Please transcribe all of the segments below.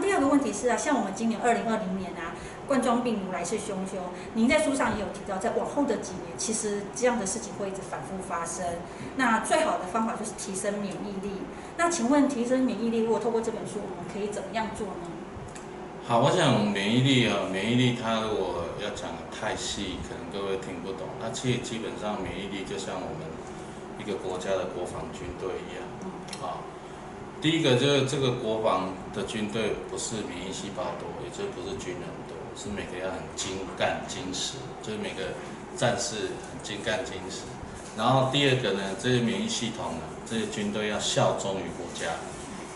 第二個問題是啊，像我們今年二零二零年啊，冠狀病毒來勢洶洶。您在書上也有提到，在往後的幾年，其實這樣的事情會一直反复发生。那最好的方法就是提升免疫力。那請問提升免疫力，如果透過這本書，我們可以怎麼樣做呢？好，我想免疫力啊，免疫力它，如果要講得太細，可能各位聽不懂。那其實基本上，免疫力就像我們一個國家的國防軍隊一樣，啊、嗯。哦第一個就是這個國防的軍隊不是免疫細胞多，也就是不是軍人多，是每個要很精幹、精實，就是每個戰士很精幹、精實。然後第二個呢，這些免疫系統呢，這些軍隊要效忠於國家，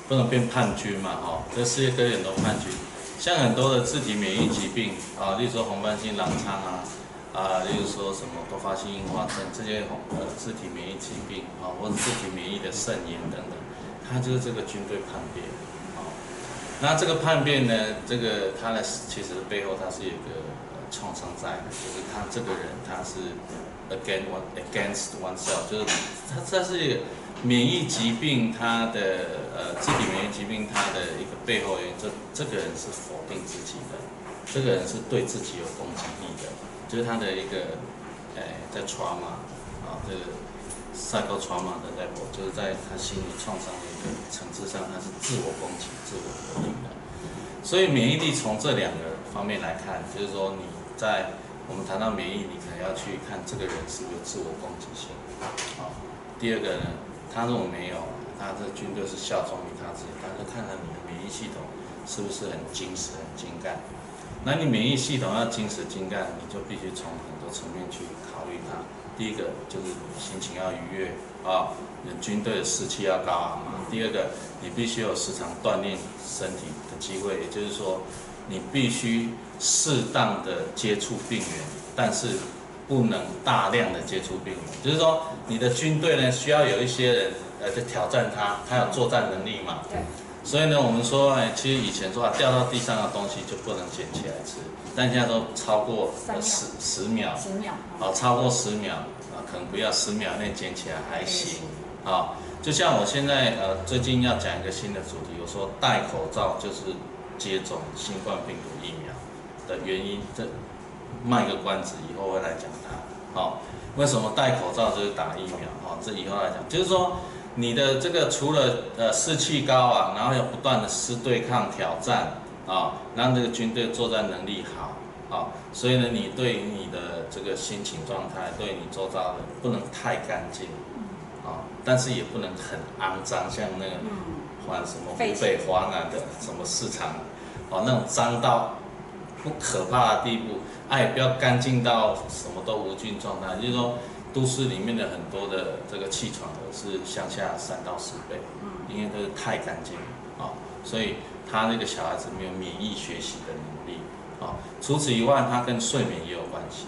不能變叛軍嘛？哦，這世界各地很多叛軍，像很多的自體免疫疾病啊，例如說紅斑性狼瘡啊，啊，例如說什麼多發性硬化症這些、啊、自體免疫疾病啊，或者自體免疫的腎炎等等。他就是這個軍隊叛變，啊、哦，那這個叛變呢，這個他的其實背後他是有一個創傷在的，就是他這個人他是 again, against oneself，就是他他是一個免疫疾病，他的呃自己免疫疾病他的一個背後，因這這個人是否定自己的，這個人是對自己有攻擊力的，就是他的一個哎在穿嘛、哦，啊這個。在高傳染的代表，就是在他心理創傷的一個層次上，他是自我攻擊、自我否定的。所以免疫力從這兩個方面來看，就是說你在我們談到免疫，你可能要去看這個人是不是有自我攻擊性。好、哦，第二個呢，他如果沒有，他的軍隊是效忠於他自己，但是看看你的免疫系統是不是很精實、很精幹。那你免疫系統要精實精幹，你就必須從層面去考慮它。第一個就是你心情要愉悅啊，你的軍隊的士氣要高昂啊嘛。第二個，你必須有時常鍛煉身體的機會，也就是說，你必須適當的接觸病人，但是不能大量的接觸病人。就是說，你的軍隊呢，需要有一些人來挑戰他，他有作戰能力嘛？對。嗯。所以呢，我們說，欸、其實以前說啊，掉到地上的東西就不能撿起來吃，但現在都超過三秒、呃、十十秒，十秒、呃，超過十秒啊、呃，可能不要十秒內撿起來還行，欸、啊，就像我現在呃，最近要講一個新的主題，我說戴口罩就是接種新冠病毒疫苗的原因，這賣個關子，以後會來講它，好、啊，為什麼戴口罩就是打疫苗，好、啊，這以後來講，就是說。你的這個除了呃士氣高啊，然後要不斷的施對抗挑戰啊、哦，讓這個軍隊作戰能力好啊、哦，所以呢，你對於你的這個心情狀態，對你做到的不能太乾淨啊、哦，但是也不能很骯髒，像那個黃什麼湖北、華南的什麼市場啊、哦，那種髒到不可怕的地步，哎、啊，不要乾淨到什麼都無菌狀態，就是說。都市裡面的很多的這個氣喘是鄉下三到十倍，嗯，因為它是太乾淨啊、哦，所以他那個小孩子沒有免疫學習的能力啊、哦。除此以外，它跟睡眠也有關係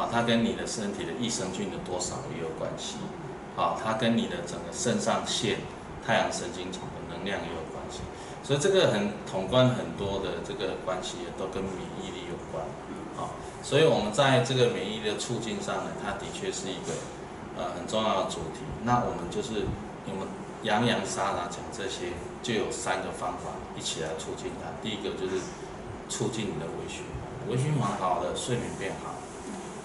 啊，它、哦、跟你的身體的益生菌的多少也有關係啊，它、哦、跟你的整個腎上腺、太陽神經叢的能量也有關係。所以這個很統觀很多的這個關係也都跟免疫力有關，好、哦，所以我們在這個免疫力的促進上呢，它的確是一個呃很重要的主題。那我們就是我們洋洋灑灑講這些，就有三個方法一起來促進它。第一個就是促進你的微循環，微循環好的，睡眠變好，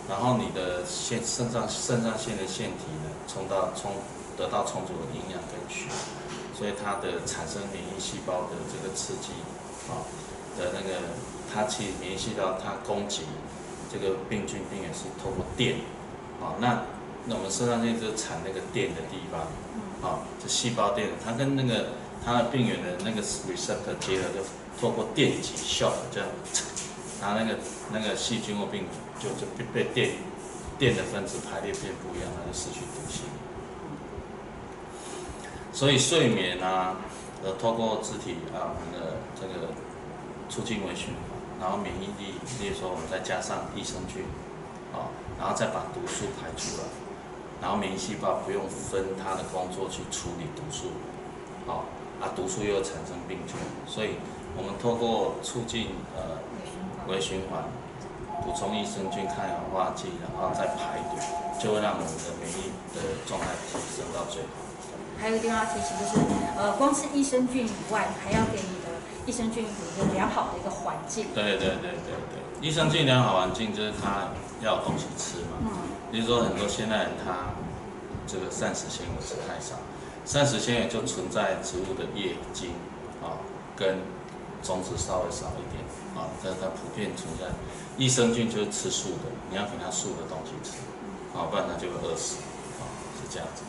然後你的腺腎上腎上腺的腺體呢，充到充得到充足的營養跟血。所以它的產生免疫細胞的這個刺激，啊、哦、的那個，它其實免疫細胞，它攻擊這個病菌病原是通過電，啊、哦，那那我們腎上腺就是產那個電的地方，啊、嗯，這細、哦、胞電，它跟那個它的病原的那個 receptor 結合，就透過電極效果，這樣，它那個那個細菌或病就就就被電電的分子排列變不一樣，它就失去毒性。所以睡眠啊，呃，透過肢體啊，我們的這個促進微循環，然後免疫力，比如說我們再加上益生菌，啊、哦，然後再把毒素排出來，然後免疫細胞不用分它的工作去處理毒素，好、哦，啊，毒素又產生病菌，所以我們透過促進呃微循環，補充益生菌、抗氧化劑，然後再排毒。就會讓我們的免疫的狀態提升到最好。還有一個地方要提醒，就是呃，光吃益生菌以外，還要給你的益生菌有一個良好的一個環境。對對對對對，對，益生菌良好環境就是它要有東西吃嘛。比如說很多現代人他這個膳食纖維吃太少，膳食纖維就存在植物的葉莖啊、跟種子稍微少一點啊，但是它普遍存在。益生菌就是吃素的，你要給它素的東西吃。好，不然，他就會餓死啊、哦，是這樣子。